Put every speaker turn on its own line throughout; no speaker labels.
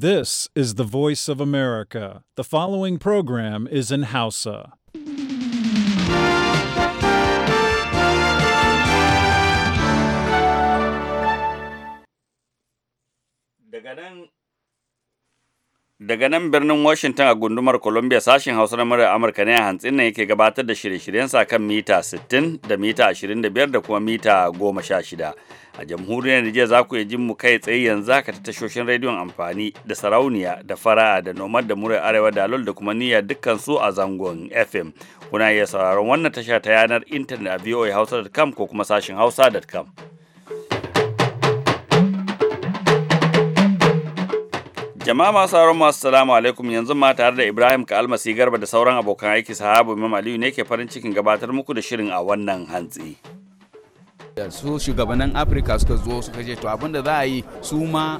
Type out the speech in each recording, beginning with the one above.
This is the voice of America. The following program is in Hausa.
Daga nan birnin Washington a gundumar Columbia sashen Hausa na murar Amurka ne a hantsin nan yake gabatar da shirye-shiryensa kan mita 60 da mita 25 da kuma mita 16. a jamhuriyar Nijar za ku jin mu kai tsaye yanzu haka ta tashoshin rediyon amfani da sarauniya da fara'a da nomad da murai arewa da lol da kuma niyya dukkan su a zangon FM kuna iya sauraron wannan tasha ta yanar intanet a voahausa.com ko kuma sashin hausa.com Jama'a masu sauran masu salamu alaikum yanzu ma tare da Ibrahim ka almasi garba da sauran abokan aiki sahabu Imam Aliyu ne ke farin cikin gabatar muku da shirin a wannan hantsi.
su shugabannin afirka suka zo suka je to abinda za a yi su ma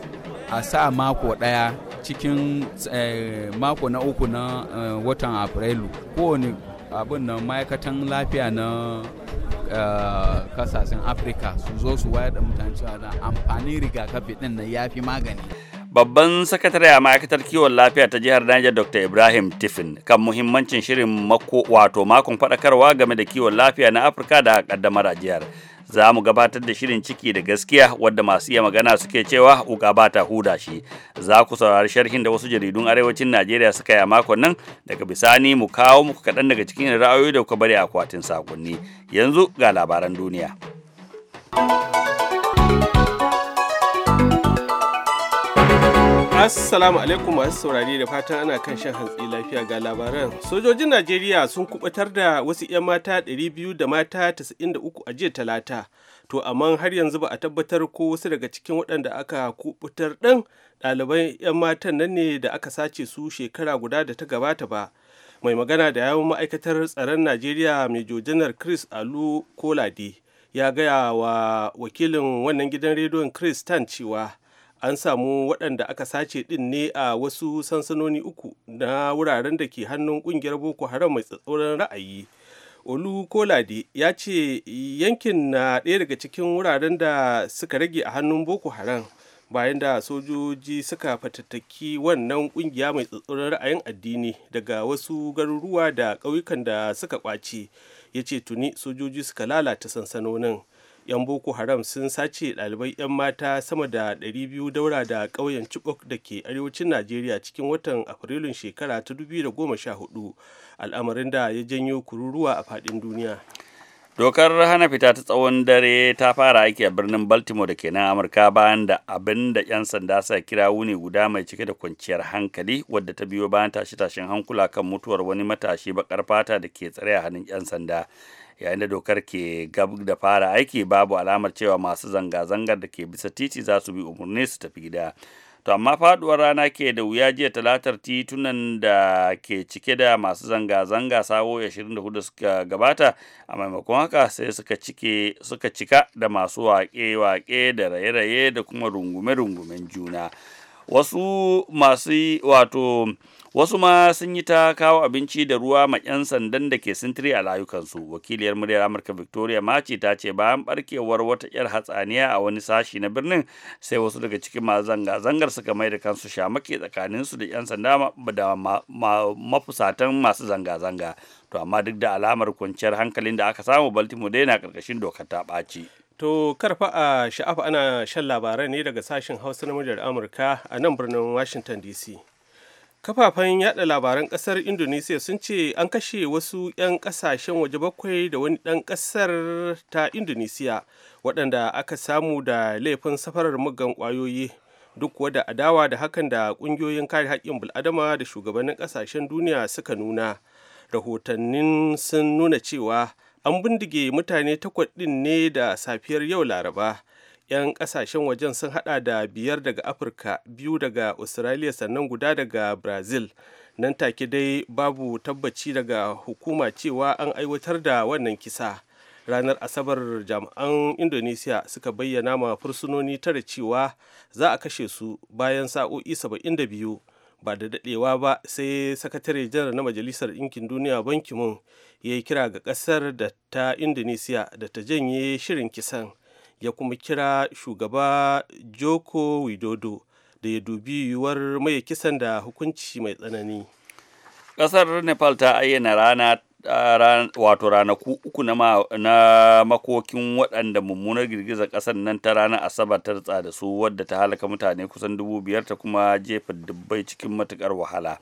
a sa mako daya cikin eh, mako na uku na eh, watan afrilu kowane abin na ma'aikatan lafiya na eh, kasashen afirka su zo su wayar da mutane cewa da amfanin rigakafi din na yafi magani
babban sakatare a ma'aikatar kiwon lafiya ta jihar Niger Dr. Ibrahim Tiffin kan muhimmancin shirin mako wato makon faɗakarwa game da kiwon lafiya na Afirka da kaddamar a jihar. za mu gabatar da shirin ciki da gaskiya wadda masu iya magana suke cewa uka ba ta huda shi za ku saurari sharhin da wasu jaridun arewacin najeriya suka yi makon nan daga bisani mu kawo muku kaɗan daga cikin ra'ayoyi da kuka bari akwatin sakonni yanzu ga labaran duniya.
Assalamu alaikum masu saurari da fatan ana kan shan hantsi lafiya ga labaran. Sojojin Najeriya sun kubutar da wasu 'yan mata 200 da mata 93 a jiya talata. To amma har yanzu ba a tabbatar ko wasu daga cikin waɗanda aka kubutar ɗan ɗaliban 'yan matan nan ne da aka sace su shekara guda da ta gabata ba. Mai magana da yawon ma'aikatar tsaron Najeriya mai jojinar Chris Alu Kolade ya gaya wa wakilin wannan gidan rediyon Chris Tan cewa an samu waɗanda aka sace ɗin ne a wasu sansanoni uku na wuraren da ke hannun ƙungiyar boko haram mai tsatsauran ra'ayi olu kolade ya ce yankin na ɗaya daga cikin wuraren da suka rage a hannun boko haram bayan da sojoji suka fatattaki wannan ƙungiya mai tsatsauran ra'ayin addini daga wasu garuruwa da ƙauyukan da suka ƙwace ya ce tuni sojoji suka lalata sansanonin 'yan boko haram sun sace ɗalibai 'yan mata sama da 200 daura da ƙauyen chibok da ke arewacin najeriya cikin watan afrilun shekara ta 2014 al'amarin da ya janyo kururuwa a faɗin duniya
dokar hana fita ta tsawon dare ta fara aiki a birnin baltimore da ke nan amurka bayan da abin da 'yan sanda sa kira wuni guda mai cike da kwanciyar hankali wadda ta biyo bayan tashe-tashen hankula kan mutuwar wani matashi bakar fata da ke tsare a hannun 'yan sanda yayin da dokar ke gab da fara aiki babu alamar cewa masu zanga-zangar da ke bisa titi za su bi umarni su tafi gida to amma faduwar rana ke da wuya jiya talatar titunan da ke cike da masu zanga-zanga sawo 24 suka gabata a maimakon haka sai suka cika da masu waƙe-waƙe da raye-raye da kuma rungume-rungumen juna wasu masu wato wasu ma sun yi ta kawo abinci da ruwa ma 'yan sandan da ke sintiri a layukansu wakiliyar muryar amurka victoria mace ta ce bayan barkewar wata 'yar hatsaniya a wani sashi na birnin sai wasu daga cikin masu zanga-zangar suka mai da kansu shamake tsakaninsu da 'yan sanda da mafusatan masu zanga-zanga to amma duk da alamar kwanciyar hankalin da aka samu baltimore na karkashin dokar ta ɓaci
To karfa a sha'afa ana shan labarai ne daga sashen hausa na muryar amurka a nan birnin washington dc kafafen yaɗa labaran ƙasar indonesiya sun ce an kashe wasu 'yan ƙasashen waje bakwai da wani ɗan ƙasar ta indonesiya waɗanda aka samu da laifin safarar muggan ƙwayoyi duk wada adawa da hakan da ƙungiyoyin kare haƙƙin bul'adama da shugabannin ƙasashen duniya suka nuna rahotannin sun nuna cewa an bindige mutane takwas ɗin ne da safiyar yau laraba 'yan kasashen wajen sun hada da biyar daga afirka biyu daga australia sannan guda daga brazil nan take dai babu tabbaci daga hukuma cewa an aiwatar da wannan kisa ranar asabar jami'an indonesiya suka bayyana ma fursunoni tara cewa za a kashe su bayan sa'o'i 72 ba da dadewa ba sai sakatare janar na majalisar ɗinkin duniya banki mun ya yi kira ga ƙasar da ta indonesiya da ta janye shirin kisan ya kuma kira shugaba joko widodo da ya dubi yiwuwar mai kisan da hukunci mai tsanani
ƙasar nepal ta ayyana rana wato ranaku uku na makokin waɗanda mummunar girgizar ƙasar nan ta ranar asabar ta ritsa da su wadda ta halaka mutane kusan dubu biyar ta kuma jefa dubbai cikin matukar wahala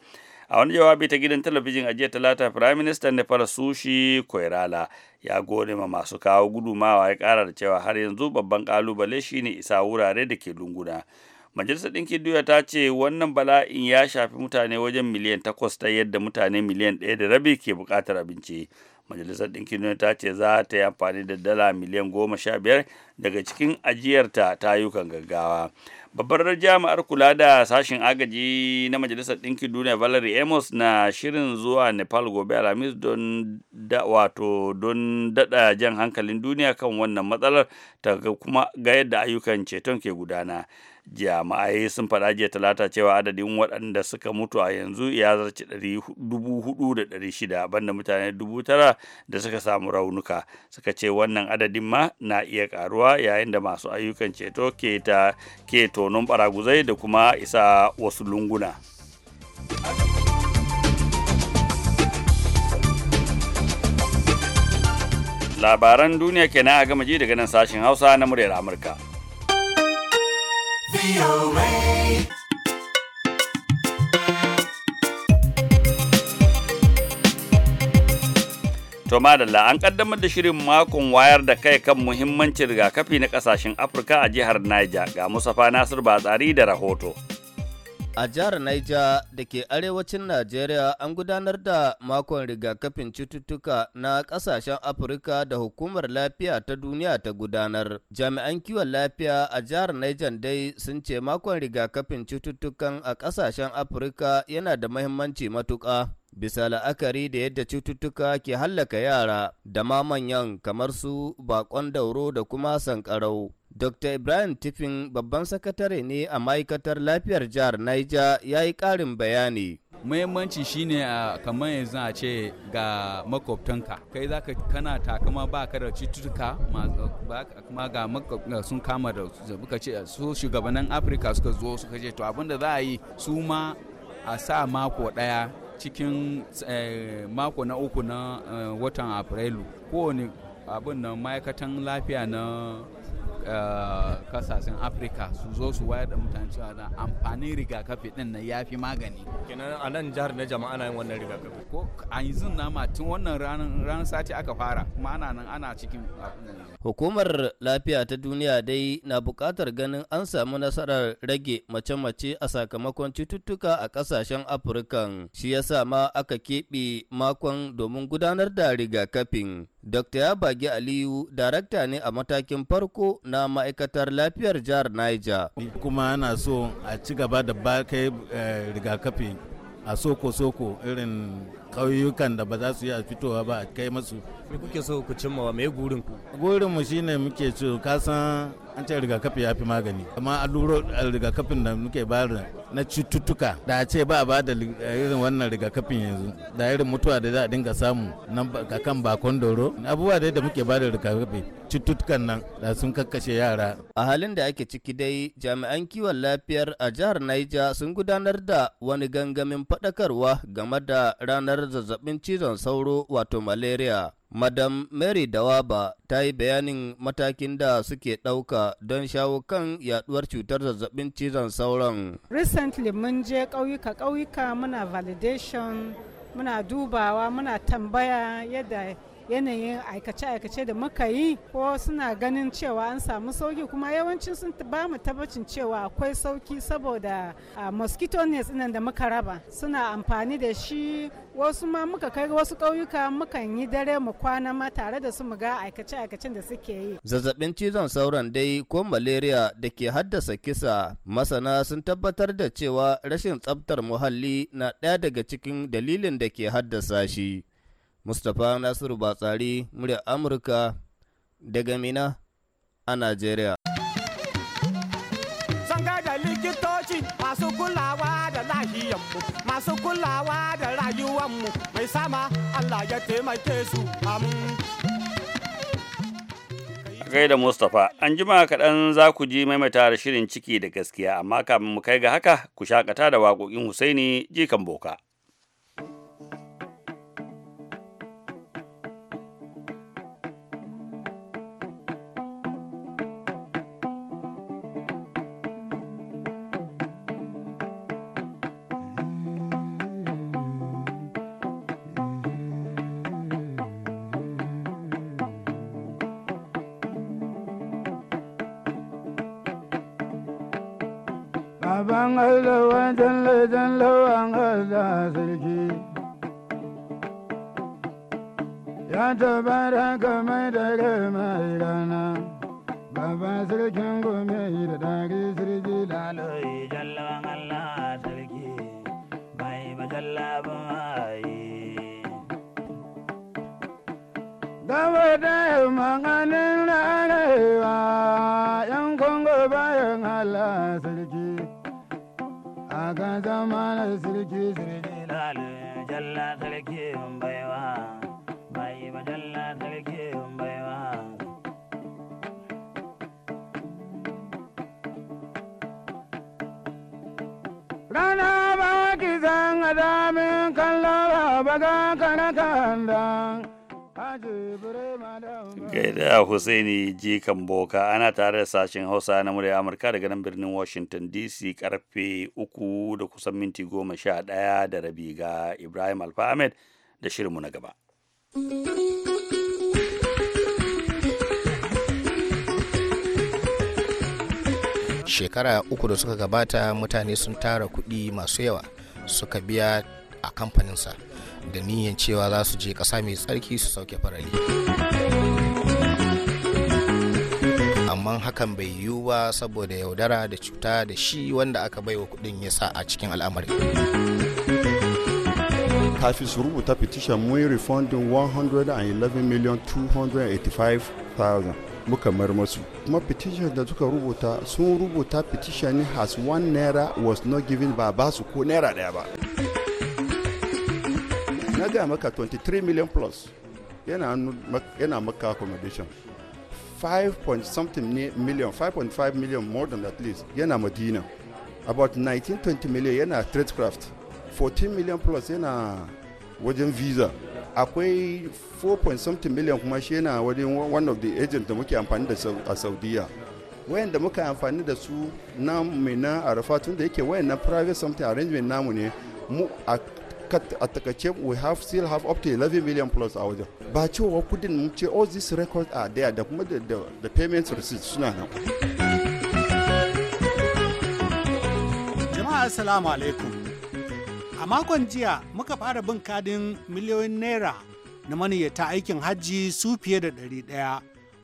a wani jawabi ta gidan talabijin a jiya talata firayim ministan nepal sushi koirala ya gode ma masu kawo gudumawa ya kara da cewa har yanzu babban kalubale shine isa wurare da ke lunguna majalisar ɗinkin duniya ta ce wannan bala'in ya shafi mutane wajen miliyan takwas ta yadda mutane miliyan ɗaya da rabi ke buƙatar abinci majalisar ɗinkin duniya ta ce za ta yi amfani da dala miliyan goma sha biyar daga cikin ajiyarta ta ayyukan gaggawa babbar jami'ar kula da sashen agaji na majalisar ɗinkin duniya valery amos na shirin zuwa nepal gobe alhamis don da wato don daɗa jan hankalin duniya kan wannan matsalar ta kuma ga yadda ayyukan ceton ke gudana jama'ai sun faɗa jiya talata cewa adadin waɗanda suka mutu a yanzu ya zarce dubu hudu da ɗari shida banda mutane dubu tara da suka samu raunuka suka ce wannan adadin ma na iya karuwa yayin da masu ayyukan ceto ke ta ke tonon baraguzai da kuma isa wasu lunguna labaran duniya kenan a gama ji daga nan sashen hausa na muryar amurka To madalla an kaddamar da shirin makon wayar da kai kan muhimmancin rigakafi na kasashen Afirka a jihar Niger ga Mustapha Nasir Batsari da rahoto.
A jihar naija da ke arewacin Najeriya an gudanar da makon rigakafin cututtuka na ƙasashen Afirka da hukumar lafiya ta duniya ta gudanar. Jami'an kiwon lafiya a jihar Niger dai sun ce makon rigakafin cututtukan a ƙasashen Afirka yana da mahimmanci matuƙa. bisa la'akari da yadda cututtuka ke hallaka yara da ma manyan kamar su bakon dauro da kuma sankarau. Dr. Ibrahim Tifin babban sakatare ne a ma'aikatar lafiyar jihar Niger ya yi ƙarin bayani.
Muhimmanci shine a kamar yanzu a ce ga makwabtanka kai za ka kana takama ba ka da cututtuka kuma ga sun kama da su ce su shugabannin Afirka suka zo suka ce to abinda za a yi su ma a sa mako ɗaya cikin eh, mako na uku na eh, watan afrilu kowane abin na ma'aikatan lafiya na eh, kasashen afirka su zo su wayar da mutane cewa da amfanin rigakafi din na ya fi magani kenan a nan jihar na jama'a na yin wannan rigakafi ko a yanzu na ma tun wannan ranar sati aka fara kuma ana nan ana cikin abin
Hukumar lafiya ta duniya dai na bukatar ganin an samu nasarar rage mace-mace a sakamakon cututtuka a kasashen Afirka. Shi yasa ma aka keɓe makon domin gudanar da rigakafin. Dr. Yabagi Aliyu, darakta ne a matakin farko na ma'aikatar lafiyar jihar
Niger. Kuma ana so a ci gaba da bakai eh, rigakafi a soko-soko irin ƙauyukan da ba za su yi iya fitowa ba a kai masu me kuke so ku cimma wa me gurin ku gurin mu shine muke so ka san an ce rigakafi ya fi magani amma alluro eh, rigakafin da muke bayar na cututtuka da a ce ba a ba da eh, irin wannan rigakafin yanzu da irin mutuwa da za a dinga samu nan kan bakon doro abubuwa dai da muke ba rigakafi cututtukan nan da sun kakkashe yara a halin da ake
ciki dai jami'an kiwon lafiyar a jihar naija sun gudanar da wani gangamin faɗakarwa game da ranar zazzabin cizon sauro wato malaria Madam Mary Dawaba ta yi bayanin matakin da suke ɗauka don shawo kan yaduwar cutar zazzabin cizon sauron.
Recently mun je ƙauyuka-ƙauyuka muna validation, muna dubawa, muna tambaya yadda yanayin aikace-aikace da muka yi ko suna ganin cewa an samu sauki kuma yawancin sun ba mu tabbacin cewa akwai sauki saboda ah, mosquito net nan da muka raba suna amfani da shi wasu ma muka kai wasu ƙauyuka mukan yi dare mu kwana ma tare da su mu ga aikace-aikacen da suke yi.
Zazzabin cizon sauran dai ko malaria da ke haddasa kisa masana sun tabbatar da cewa rashin tsabtar muhalli na ɗaya daga cikin dalilin da ke haddasa shi. Mustapha Nasiru Batsari, murya Amurka daga Mina a Najeriya.
likitoci masu kulawa da lahiyanmu, masu kulawa da rayuwanmu mai sama Allah ya taimake su
gaida Mustapha, an jima kaɗan za ku ji maimaita da shirin ciki da gaskiya, amma kafin mu kai ga haka ku shakata da waƙoƙin Husaini jikan boka.
Baban Allah wajen lajen lawan Allah sarki. Ya tabara kamar da mai rana, Baba sarkin gome da dari sirji laloyi jallawan Allah sarki, bai
majalla bai.
Gaba da yamma rarewa. na zama na sirki sirki
lale jalla sarki baiwa bai ba jalla sarki baiwa
rana ba ki zan adamin kallon baga kana kanda aje bure ma da
da Husaini Jikan Boka ana tare da sashen Hausa na murya Amurka daga nan birnin Washington DC karfe uku da kusan minti goma sha ɗaya da rabi ga Ibrahim Alfa Ahmed da shirinmu na gaba.
Shekara uku da suka gabata mutane sun tara kuɗi masu yawa suka biya a kamfaninsa da niyan cewa za su je ƙasa mai tsarki su sauke farali. amma hakan bai yiwu ba saboda yaudara da cuta da shi wanda aka baiwa kuɗin ya sa a cikin al'amari
kafin su rubuta petition mun refunding 285,000 muka mar masu kuma petition da suka rubuta sun rubuta petition ne has one naira was not given ba ba su ko naira daya ba na gaya maka 23 million plus yana maka accommodation 5 point something million 5.5 million more than at least yana madina about 19-20 million yana tradecraft 14 million plus yana wajen visa akwai 4 point something million kuma shi yana wajen one of the agents da muke amfani da a saudiya wayanda muka amfani da su na mai na arafa tun da yake wayan na private something arrangement namu ne mu cut a takaice we have still have up to 11 million plus a wajen ba cewa kudin mun ce all these records are there da kuma da payment receipts suna nan jama'a assalamu alaikum a makon
jiya muka fara bin kadin miliyoyin naira na maniyyata aikin hajji su fiye da ɗari ɗaya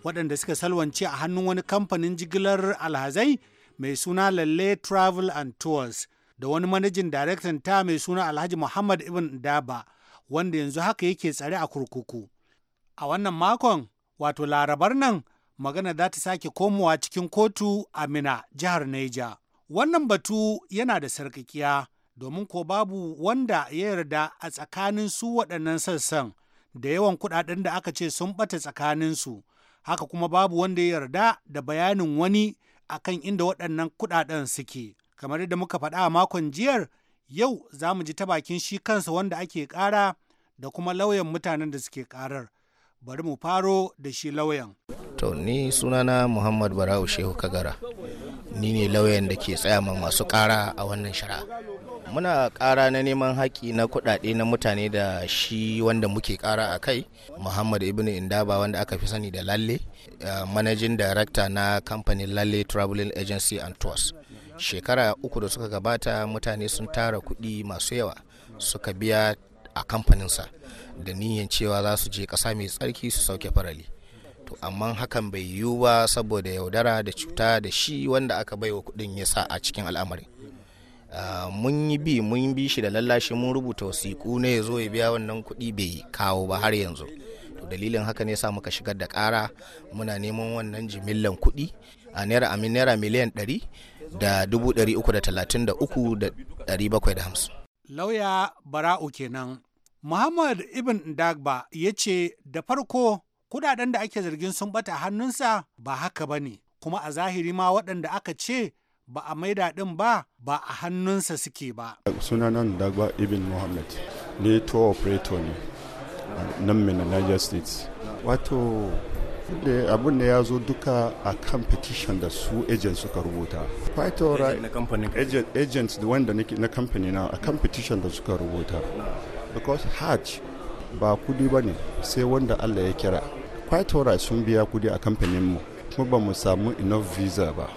waɗanda suka salwance a hannun wani kamfanin jigilar alhazai mai suna lalle travel and tours da wani manajin daraktan ta mai suna Alhaji Muhammad Ibn Daba wanda yanzu haka yake tsare a kurkuku. A wannan makon wato larabar nan magana za ta sake komowa cikin kotu a Mina jihar Neja. Wannan batu yana da sarkakiya domin ko babu wanda ya yarda a tsakanin su waɗannan sassan da yawan kuɗaɗen da aka ce sun ɓata tsakanin su, Haka kuma babu wanda ya yarda da bayanin wani akan inda waɗannan kuɗaɗen suke. Kamar yadda muka faɗa a makon jiyar, yau za mu ji ta bakin shi kansa wanda ake ƙara da kuma lauyan mutanen da suke ƙarar. Bari mu faro da shi lauyan.
To ni sunana Muhammad Barau Shehu Kagara. Ni ne lauyan da ke tsaya ma masu ƙara a wannan shari'a. muna ƙara na neman haƙƙi na kuɗaɗe na mutane da shi wanda muke ƙara a kai muhammad ibn indaba wanda aka fi sani da lalle uh, managing director na kamfanin lalle traveling agency and tours shekara uku da suka gabata mutane sun tara kuɗi masu yawa suka biya a kamfaninsa da niyan cewa za su je kasa mai tsarki su sauke farali to amma hakan bai yiwu ba saboda yaudara da cuta da shi wanda aka baiwa kuɗin ya sa a cikin al'amarin ah, mun yi bi mun bi shi da lallashi mun rubuta wasiƙu ne ya zo ya biya wannan kuɗi bai kawo ba har yanzu to dalilin haka ne sa muka shigar da ƙara muna neman wannan jimillan kuɗi a naira miliyan ɗari da 333,750.
Lauya Bara'u kenan. Muhammad Ibn Dagba ya ce da farko kudaden da ake zargin sun bata hannunsa ba haka ba ne, kuma a zahiri ma waɗanda aka ce ba a maida ɗin ba ba a hannunsa suke ba.
Sunanan Dagba Ibn Muhammad ne tour operator ne nan Niger State. Wato da abin da ya zo duka a kan da su agents suka rubuta python agents da wanda na kamfani na a kan da suka rubuta because hajj ba kudi ba ne sai wanda allah ya kira python sun biya kudi a kamfaninmu kuma ba mu samu enough visa ba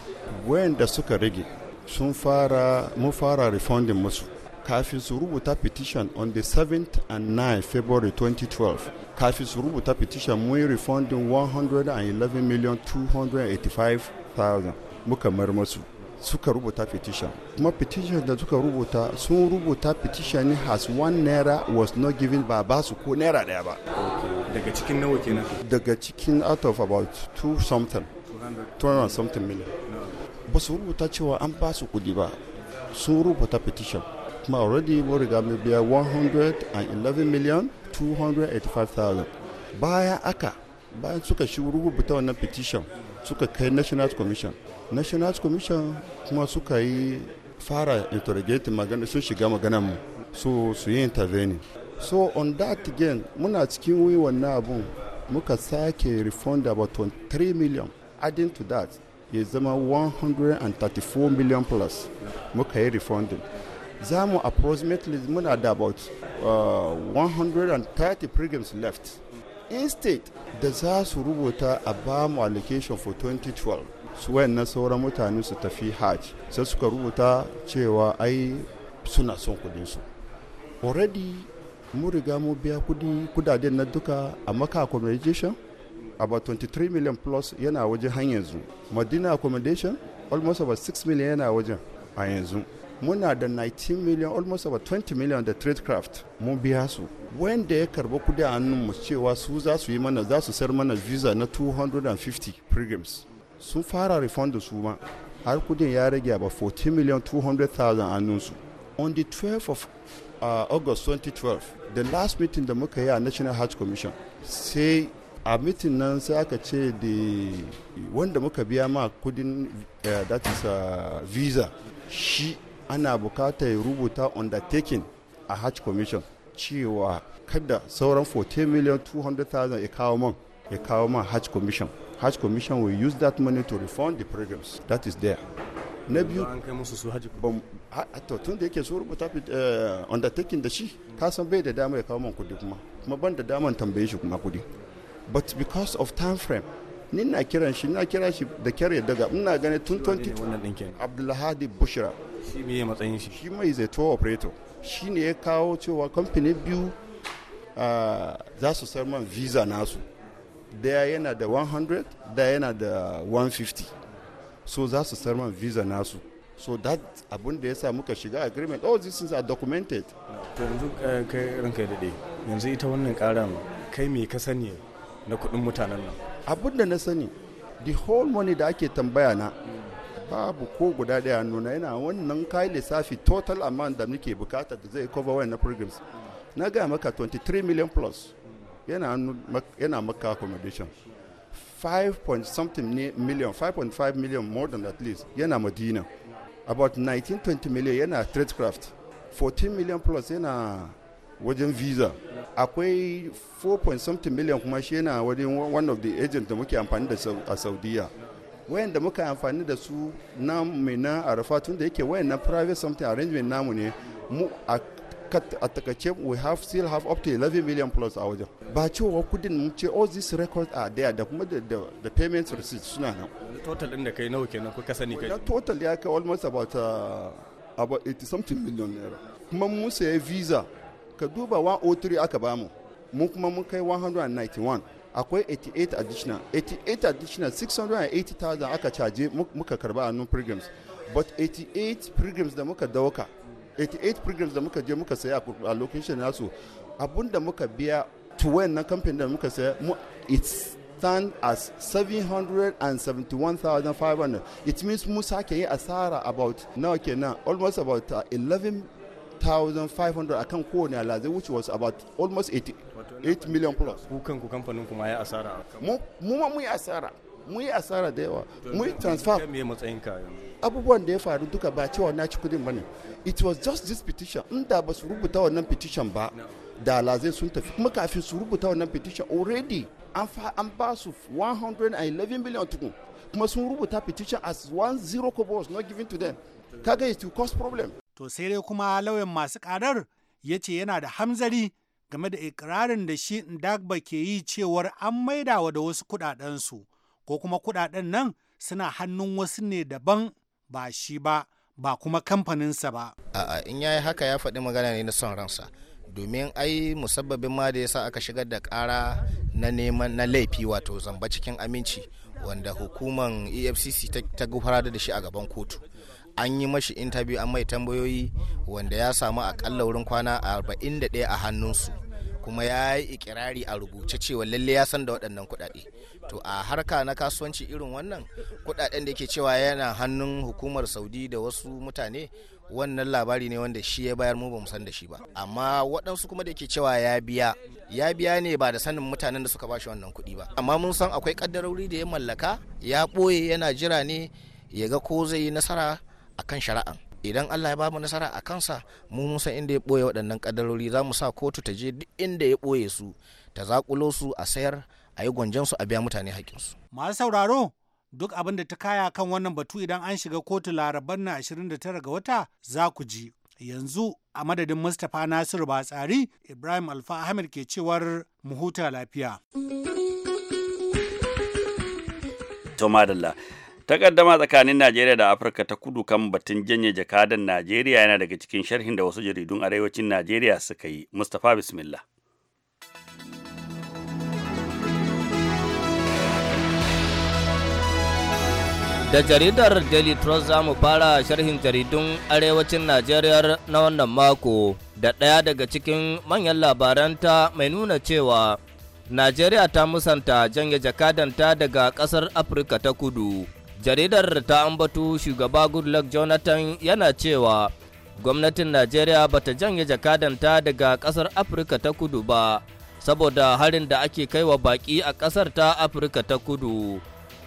wayanda suka rage sun fara mu fara refunding musu kafin su rubuta petition on the 7th and 9 february 2012 kafin su rubuta petition mun yi refunding 285,000 muka mar masu suka rubuta petition kuma petition da suka rubuta sun rubuta petition has one naira was not given ba ba su ko naira daya ba
daga cikin nawa kenan
daga cikin out of about two something 200 something million ba su rubuta cewa an ba su kudi ba sun rubuta petition kuma already mun riga mai biya 111 million 285,000 bayan aka bayan suka shi rubuta wannan petition suka kai national commission national commission kuma suka yi fara interrogating magana sun shiga magana mu so su yi intervening so on that again muna cikin wuyi wannan abun muka sake refund about 23 million adding to that ya zama 134 million plus muka yi refunding za mu approximately muna da about uh, 130 programs left instead da za su rubuta a ba mu allocation for 2012 su na sauran mutane su tafi hajj sai suka rubuta cewa ai suna son kudinsu already mun riga mu biya kudi kudaden na duka a maka accommodation about 23 million plus yana wajen har yanzu madina accommodation almost about 6 million yana wajen a yanzu muna da 19 million almost about 20 million da tradecraft mun biya su wanda ya karba kudi a mu cewa su za su yi mana za su sayar mana visa na 250 pilgrims sun fara refund su ma har kudin ya rage ba 14 million 200,000 annunsu on the 12th of uh, august 2012 the last meeting da muka yi a national hajj commission sai a mitin nan sai aka ce da wanda muka biya ma kudin uh, that is uh, visa shi ana bukatar rubuta undertaking a hajj commission cewa kada sauran 14 million 200,000 ya kawo man ya kawo man hajj commission hajj commission will use that money to refund the programs that is there na biyu an kai musu su hajji to tun da yake su rubuta eh, undertaking da shi ka san bai da dama ya kawo man kudi kuma kuma ban da daman tambaye shi kuma kudi but because of time frame ni na kiran shi na kira shi da kyar ya daga ina gane tun 20 Abdulhadi Bushra shi mai matsayin shi shi mai zai tuwa operator shi ne ya kawo cewa kamfanin biyu za su sayar man visa nasu daya yana da 100 daya yana da 150 so za su sayar man visa nasu so that abun da ya sa muka shiga agreement all these things are documented to yanzu eh, kai ranka dade yanzu ita wannan karan kai me ka sani na kudin mutanen nan abun da na sani the whole money da ake tambaya na babu ko guda daya nuna yana wannan kai lissafi total amount da muke bukata da zai cover wannan programs na ga maka 23 million plus yana maka accommodation 5 point something million 5.5 million more than at least yana madina about 19 20 million yana tradecraft 14 million plus yana wajen visa akwai 4 point something million kuma shi yana wajen one of the agents da muke amfani da a saudiya Wayan da muka amfani da su na mai na arafa tun da yake na private something arrangement namu ne mu a a takace we have still have up to 11 million plus a wajen ba cewa kudin mu ce all oh, these records are there da kuma da payment receipt suna nan
total din da kai nawa kenan kuka sani kai
total ya kai almost about uh, about 80 something million naira kuma mu sai visa ka duba 103 aka bamu mu kuma mun kai 191 akwai 88 additional 88 additional 680,000 aka caje muka karba a non-programs but 88 programs da muka dauka 88 programs da muka je muka saya a location nasu abinda muka biya to when na kamfanin da muka saya it stand as 771,500 it means mu sake yi asara about nawa kenan almost about 11 uh, a kan kowane alazai which was about almost 8 million plus. Kukan ku kamfanin
kuma ya asara.
Mu ma mu yi asara. Mu yi asara da yawa. Mu yi transfer. matsayin ka Abubuwan da ya faru duka ba cewa na ci kudin bane. It was just this petition. Inda ba su rubuta wannan petition ba. Da alazai sun tafi. Kuma kafin su rubuta wannan petition already an fa an ba su 111 million tukun. Kuma sun rubuta petition as one zero kobo not given to them. Kaga it will cause problem. To sai dai kuma lauyan masu karar ya ce
yana da hamzari game da ikirarin da shi Ndagba ke yi cewar an maidawa da wasu kudadensu ko kuma kudaden nan suna hannun wasu ne daban ba
shi ba ba kuma kamfaninsa ba. A'a in ya yi haka ya faɗi magana ne na son ransa domin ai musabbabin ma da yasa aka shigar da ƙara na neman na laifi wato zamba cikin aminci wanda hukumar efcc ta gufara da shi a gaban kotu an yi mashi interview an mai tambayoyi wanda ya samu akalla wurin kwana 41 a hannunsu kuma ya yi ikirari a rubuce cewa lalle ya san da waɗannan kuɗaɗe to a harka na kasuwanci irin wannan kuɗaɗen da ke cewa yana hannun hukumar saudi da wasu mutane wannan labari ne wanda shi ya bayar mu ba san da shi ba amma waɗansu kuma da ke cewa ya biya ya biya ne ba da sanin mutanen da suka bashi wannan kuɗi ba amma mun san akwai ƙaddarori da ya mallaka ya ɓoye yana jira ne ya ga ko zai yi nasara akan shari'an idan Allah ya ba mu nasara a kansa mu musa inda ya ɓoye waɗannan ƙadarori za mu sa kotu ta je duk inda ya ɓoye su ta zaƙulo su a sayar a yi gwanjan su a biya mutane haƙƙinsu.
Masu sauraro duk abin da ta kaya kan wannan batu idan an shiga kotu laraban na 29 ga wata za ku ji. Yanzu a madadin Mustapha Nasiru Batsari Ibrahim Alfa Ahmed ke cewar mu huta lafiya.
takaddama tsakanin najeriya da afirka ta kudu kan batun janye jakadan najeriya yana daga cikin sharhin da wasu jaridun arewacin najeriya suka yi mustapha bismillah
da jaridar daily trust za mu fara sharhin jaridun arewacin najeriya na wannan mako da ɗaya daga cikin manyan labaranta mai nuna cewa najeriya ta musanta janye jakadanta daga ƙasar afirka ta kudu jaridar ta ambatu shugaba goodluck jonathan yana cewa gwamnatin najeriya ba ta janye jakadanta daga kasar afirka ta kudu ba saboda harin da ake kaiwa baki a kasar ta afirka ta kudu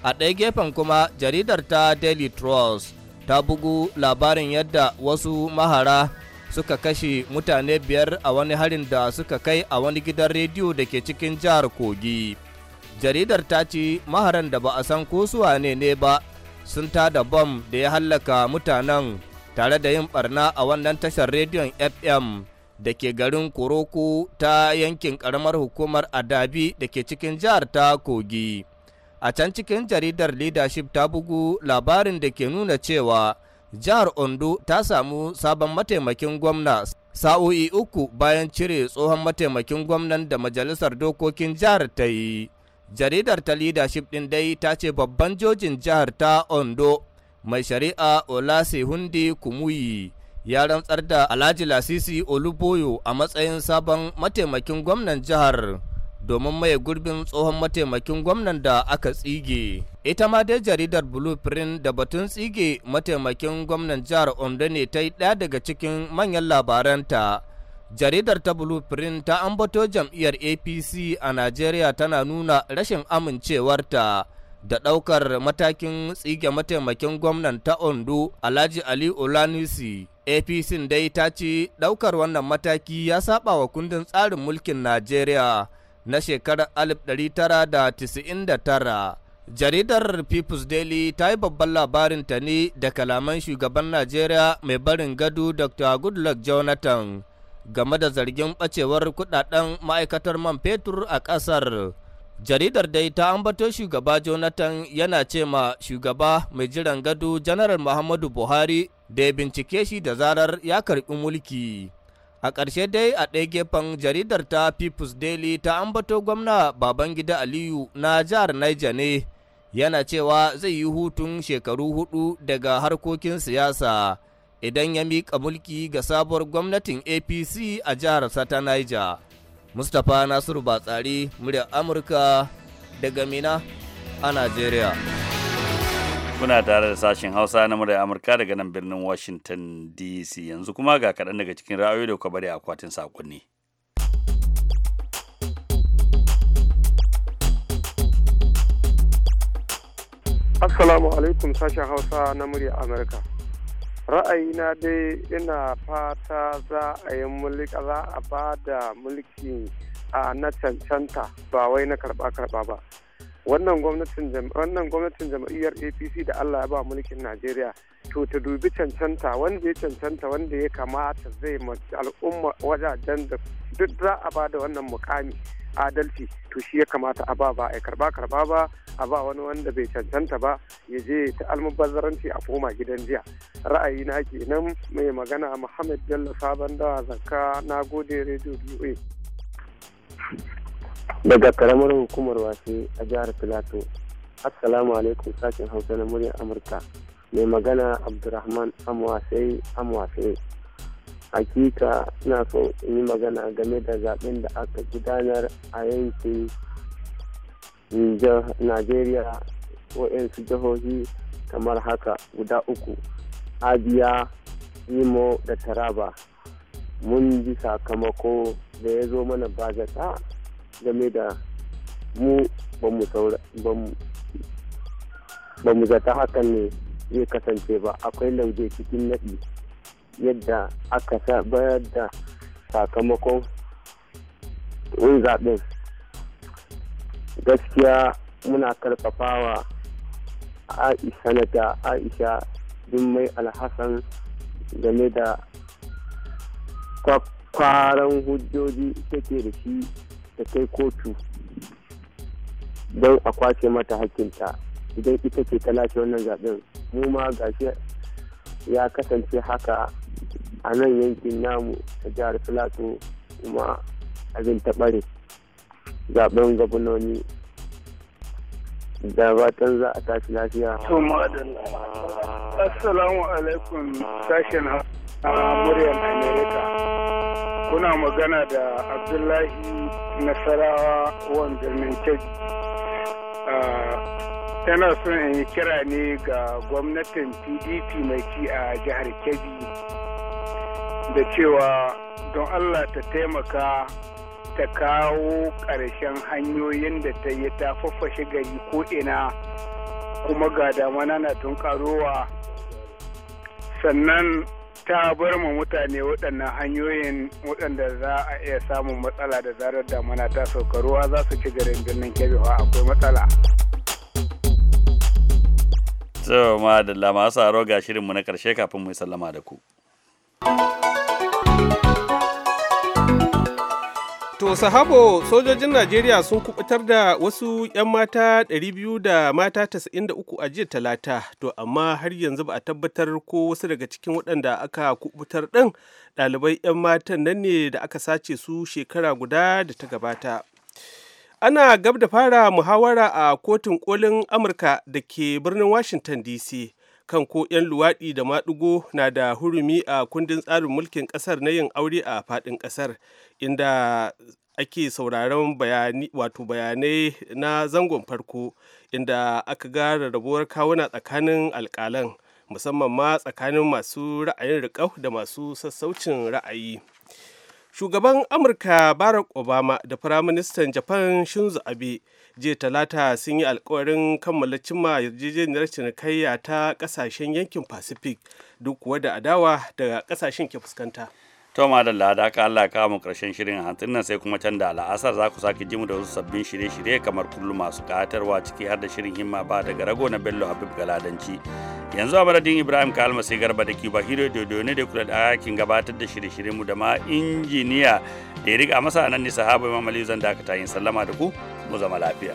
a ɗaya gefen kuma jaridar ta daily trust ta bugu labarin yadda wasu mahara suka kashe mutane biyar a wani harin da suka kai a wani gidan rediyo da ke cikin jihar kogi jaridar ta ci maharan da ba a san ko su wane ne ba sun tada bom da ya hallaka mutanen tare da yin barna a wannan tashar rediyon fm da ke garin koroko ta yankin karamar hukumar adabi da ke cikin jihar ta kogi a can cikin jaridar leadership ta bugu labarin da ke nuna cewa jihar ondo ta samu sabon mataimakin gwamna sa'o'i uku bayan cire tsohon mataimakin gwamnan da majalisar dokokin jihar ta yi jaridar ta leadership ɗin dai ta ce babban jojin jihar ta ondo mai shari'a olasehundi kumuyi ya rantsar da alhaji lasisi oluboyo a matsayin sabon mataimakin gwamnan jihar domin maye gurbin tsohon mataimakin gwamnan da aka tsige. Ita ma dai jaridar Blueprint da batun tsige mataimakin gwamnan jihar Ondo ne ta yi ɗaya daga cikin manyan labaranta jaridar ta blueprint ta ambato jam'iyyar apc a najeriya tana nuna rashin amincewarta da ɗaukar matakin tsige mataimakin gwamnan ta ondo alhaji ali olanisi apc dai ta ce ɗaukar wannan mataki ya saba wa kundin tsarin mulkin najeriya na shekarar 1999 jaridar people's daily ta yi babban labarin ta ne da kalaman shugaban najeriya mai barin gado dr goodluck jonathan game da zargin ɓacewar kudaden ma'aikatar man fetur a ƙasar. Jaridar dai ta ambato shugaba Jonathan yana ce ma shugaba mai jiran gado Janaral Muhammadu Buhari da ya bincike shi da zarar ya karbi mulki. A ƙarshe dai a ɗaya gefen jaridar ta People's Daily ta ambato gwamna Babangida Aliyu na jihar Niger ne yana cewa zai yi hutun shekaru hudu daga harkokin siyasa. idan ya mika mulki ga sabuwar gwamnatin apc a jihar ta niger mustapha nasiru batsari muryar amurka daga mina a nigeria kuna tare da sashen hausa na muryar amurka
daga nan birnin washington dc yanzu kuma ga kaɗan daga cikin ra'ayoyi da kwabari akwatin saƙonni
assalamu alaikum sashen hausa na muryar amurka ra'ayina dai ina fata za a yi mulki za a ba da mulki na cancanta ba wai na karba-karba ba wannan gwamnatin wannan gwamnatin jam'iyyar apc da allah ya ba mulkin najeriya to ta dubi cancanta wanda ya cancanta wanda ya kamata zai mace al'umma wajajen da duk za a ba da wannan mukami adalci to shi ya kamata a ba ba a karba karba ba a ba wani wanda bai cancanta ba ya je ta almubazzaranci a koma gidan jiya ra'ayi na kenan mai magana muhammad bello sabon dawa zakka na gode rediyo daga karamar hukumar wasu a jihar filato assalamu alaikum sashen hausa na muryar amurka mai magana abdurrahman amwasai amwasai hakika na so in yi magana game da zaben da aka gudanar a yankin najeriya su jihohi kamar haka guda uku abia imo da taraba mun ji sakamako da ya zo mana ba game da mu ba mu zata hakan ne zai kasance ba akwai lauje cikin naɗi yadda aka bayar da sakamakon yin zaɓen gaskiya muna karfafawa aisha na da aisha jummai alhassan game da kwakwaran hujjoji take da shi ta kai kotu don a kwace mata hakkinta idan ita ce ta lashe wannan zaɓen mu ma gashi ya kasance haka a nan yankin namu ta jihar filato kuma abin taɓare zaɓen gabanoni da batan za a tashi lafiya. To Assalamu alaikum sashen a muryar america kuna magana da abdullahi nasarawa wanda birnin yana ah, son in yi kira ne ga gwamnatin pdp mai ci a jihar kebbi da cewa don allah ta taimaka ta kawo ƙarshen hanyoyin da ta yi ta fafashe gari ko'ina kuma ga damana na tun karowa sannan ta bar ma mutane waɗannan hanyoyin waɗanda za a iya samun matsala da zarar damana ta sauka ruwa za su ci garin birnin kebewa akwai matsala.
Tsohon ma da lama saro ga shirinmu na
ƙarshe kafin mu sallama da ku. To sahabo sojojin Najeriya sun kubutar da wasu 'yan mata 200 da mata 93 a jiya talata, to amma har yanzu ba a tabbatar ko wasu daga cikin waɗanda aka kubutar ɗin ɗalibai 'yan matan nan ne da aka sace su shekara guda da ta gabata. Ana gab da fara muhawara a kotun kolin Amurka da ke birnin Washington DC kan ko 'yan luwaɗi da maɗigo na da hurumi a kundin tsarin mulkin ƙasar na yin aure a faɗin ƙasar inda ake sauraron bayani wato bayanai na zangon farko inda aka gara rabuwar kawuna tsakanin alƙalan musamman ma tsakanin masu ra'ayin riƙau da masu sassaucin ra'ayi shugaban amurka barack obama da firaministan japan shinzo abe jiya talata sun yi alkawarin kammala cimma yarjejeniyar cinikayya ta kasashen yankin pacific duk kuwa da adawa daga kasashen ke fuskanta
to da lada ka Allah ka mu karshen shirin hantsin nan sai kuma can da al'asar za ku sake ji mu da wasu sabbin shirye-shirye kamar kullum masu katarwa ciki har da shirin himma ba daga rago na Bello Habib Galadanci yanzu a madadin Ibrahim Kalma sai garba da Kiba Hiro da ne da kula da aikin gabatar da shirye-shiryen mu da ma injiniya da ya riga masa anan ne sahaba Imam zan dakata yin sallama da ku mu zama lafiya